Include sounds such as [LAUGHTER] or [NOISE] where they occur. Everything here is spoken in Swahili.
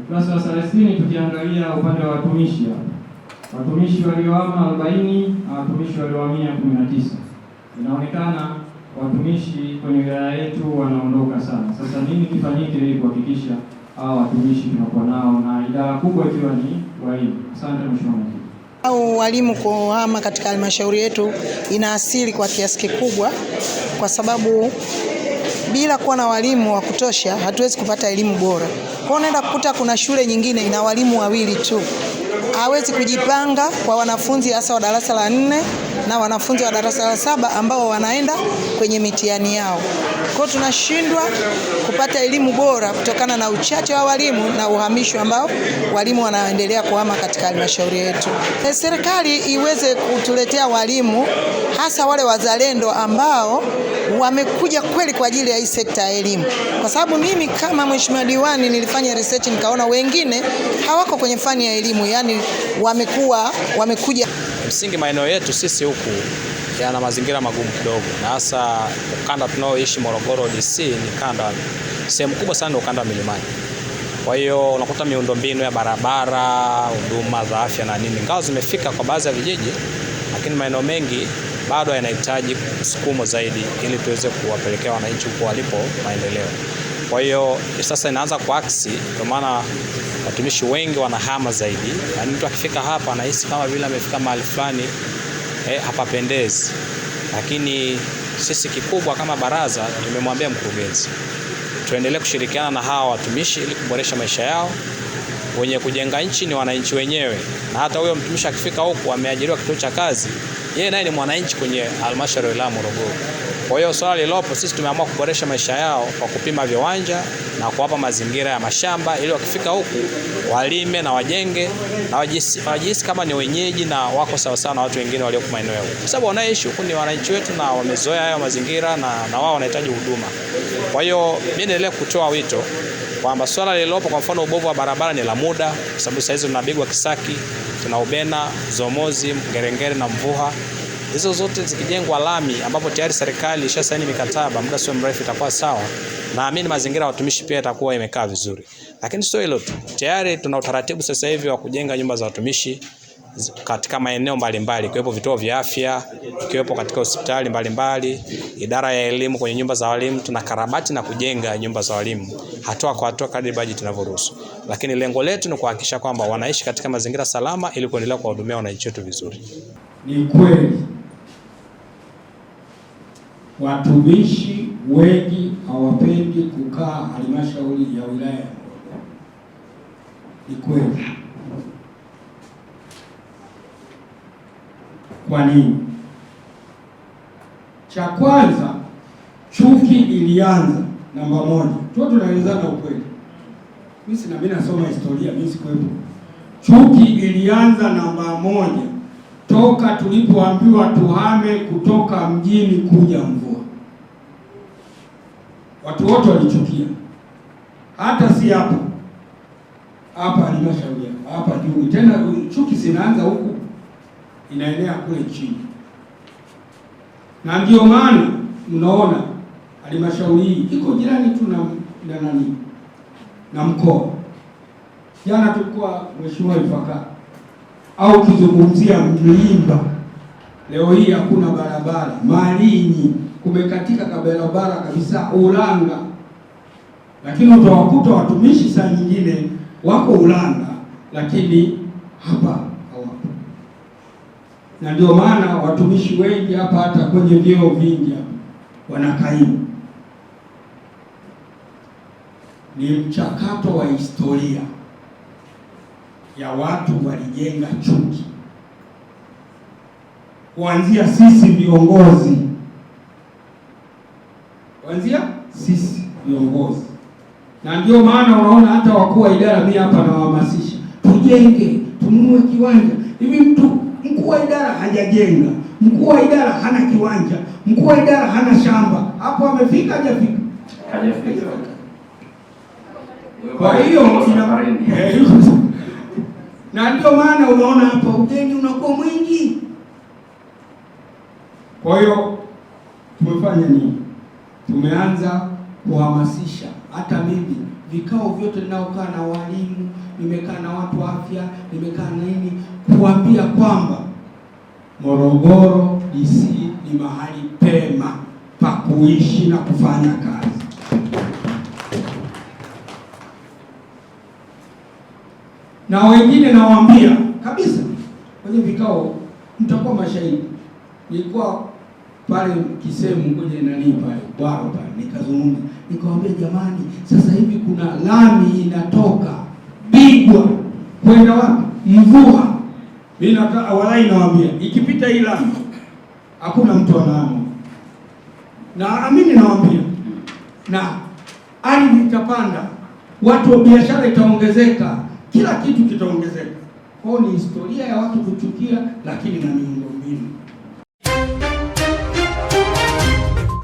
Ukurasa wa thelathini, tukiangalia upande wa watumishi hapa, watumishi waliohama arobaini na watumishi waliohamia kumi na tisa. Inaonekana watumishi kwenye wilaya yetu wanaondoka sana. Sasa nini kifanyike ili kuhakikisha hawa watumishi tunakuwa nao na idara kubwa ikiwa ni walimu? Asante mheshimiwa mwenyekiti. Au walimu kuhama katika halmashauri yetu ina asili kwa kiasi kikubwa kwa sababu bila kuwa na walimu wa kutosha hatuwezi kupata elimu bora. Kwa unaenda kukuta kuna shule nyingine ina walimu wawili tu hawezi kujipanga kwa wanafunzi hasa wa darasa la nne na wanafunzi wa darasa la saba ambao wanaenda kwenye mitihani yao. Kwa hiyo tunashindwa kupata elimu bora kutokana na uchache wa walimu na uhamisho ambao walimu wanaendelea kuhama katika halmashauri yetu. E, serikali iweze kutuletea walimu hasa wale wazalendo ambao wamekuja kweli kwa ajili ya hii sekta ya elimu, kwa sababu mimi kama mheshimiwa diwani nilifanya research nikaona wengine hawako kwenye fani ya elimu, yani wamekuwa wamekuja. Msingi maeneo yetu sisi huku yana mazingira magumu kidogo, na hasa ukanda tunaoishi Morogoro DC ni kanda, sehemu kubwa sana ni ukanda wa milimani. Kwa hiyo unakuta miundombinu ya barabara, huduma za afya na nini, ngao zimefika kwa baadhi ya vijiji, lakini maeneo mengi bado yanahitaji msukumo zaidi, ili tuweze kuwapelekea wananchi huko walipo maendeleo. Kwa hiyo sasa inaanza kuaksi, kwa maana watumishi wengi wanahama zaidi, na mtu akifika hapa anahisi kama vile amefika mahali fulani eh, hapapendezi. Lakini sisi kikubwa kama baraza tumemwambia mkurugenzi, tuendelee kushirikiana na hawa watumishi ili kuboresha maisha yao. Wenye kujenga nchi ni wananchi wenyewe, na hata huyo mtumishi akifika huku ameajiriwa kituo cha kazi, yeye naye ni mwananchi kwenye halmashauri ya wilaya Morogoro. Kwa hiyo swala lilopo, sisi tumeamua kuboresha maisha yao kwa kupima viwanja na kuwapa mazingira ya mashamba, ili wakifika huku walime na wajenge na wajihisi kama ni wenyeji na wako sawa sawa na watu wengine walioko maeneo yao, kwa sababu wanaishi huku ni wananchi wetu na wamezoea hayo mazingira na, na wao wanahitaji huduma. Kwa hiyo mimi naendelea kutoa wito kwamba swala lililopo, kwa mfano ubovu wa barabara ni la muda, kwa sababu sasa hizi tunabigwa Kisaki, tuna Ubena, Zomozi, Mgerengere na Mvuha. Hizo zote zikijengwa lami, ambapo tayari serikali ishasaini mikataba, muda sio mrefu itakuwa sawa. Naamini mazingira ya watumishi pia itakuwa imekaa vizuri. Lakini sio hilo tu, tayari tuna utaratibu sasa hivi wa kujenga nyumba za watumishi katika maeneo mbalimbali ikiwepo vituo vya afya, ikiwepo katika hospitali mbalimbali, idara ya elimu, kwenye nyumba za walimu Tuna karabati na kujenga nyumba za walimu hatua kwa hatua kadri bajeti inavyoruhusu. Lakini lengo letu ni kuhakikisha kwamba wanaishi katika mazingira salama ili kuendelea kuwahudumia wananchi wetu vizuri. Ni kweli watumishi wengi hawapendi kukaa halmashauri ya wilaya. Ni kweli. Kwa nini? Cha kwanza chuki ilianza namba moja, tuo tunaelezana ukweli. Mimi sina mimi nasoma historia, mimi sikuwepo. Chuki ilianza namba moja toka tulipoambiwa tuhame kutoka mjini kuja Mvomero watu wote walichukia, hata si hapa hapa halmashauri hapa juu tena, chuki zinaanza huku inaenea kule chini, na ndio maana mnaona halmashauri hii iko jirani tu na na nani na mkoa. Jana tulikuwa mheshimiwa Ifaka au kizungumzia Mlimba Leo hii hakuna barabara Malinyi, kumekatika kabarabara kabisa Ulanga, lakini utawakuta watumishi saa nyingine wako Ulanga, lakini hapa hawapo. Na ndio maana watumishi wengi hapa, hata kwenye vyeo vingi hapa wanakaimu. Ni mchakato wa historia ya watu walijenga chuki kuanzia sisi viongozi, kuanzia sisi viongozi. Na ndio maana unaona hata wakuu wa idara, mimi hapa nawahamasisha tujenge, tununue kiwanja. Hivi mtu mkuu wa idara hajajenga, mkuu wa idara hana kiwanja, mkuu wa idara hana shamba, hapo amefika hajafika? Kwa hiyo [LAUGHS] na ndio maana unaona hapa ujenzi unakuwa mwingi. Kwa hiyo tumefanya nini? Tumeanza kuhamasisha. Hata mimi vikao vyote ninaokaa na walimu, nimekaa na watu afya, nimekaa na nini, kuambia kwamba Morogoro DC ni mahali pema pa kuishi na kufanya kazi. Na wengine nawaambia kabisa kwenye vikao, mtakuwa mashahidi nilikuwa pale kisemu kwenye nani pale bwao pale, nikazungumza nikawambia, jamani, sasa hivi kuna lami inatoka Bigwa kwenda wapi Mvua. Mimi nataka walai, nawaambia ikipita hii lami hakuna mtu anaamu na amini nawaambia, na ardhi itapanda, watu wa biashara itaongezeka, kila kitu kitaongezeka. Kwao ni historia ya watu kuchukia, lakini na miundombinu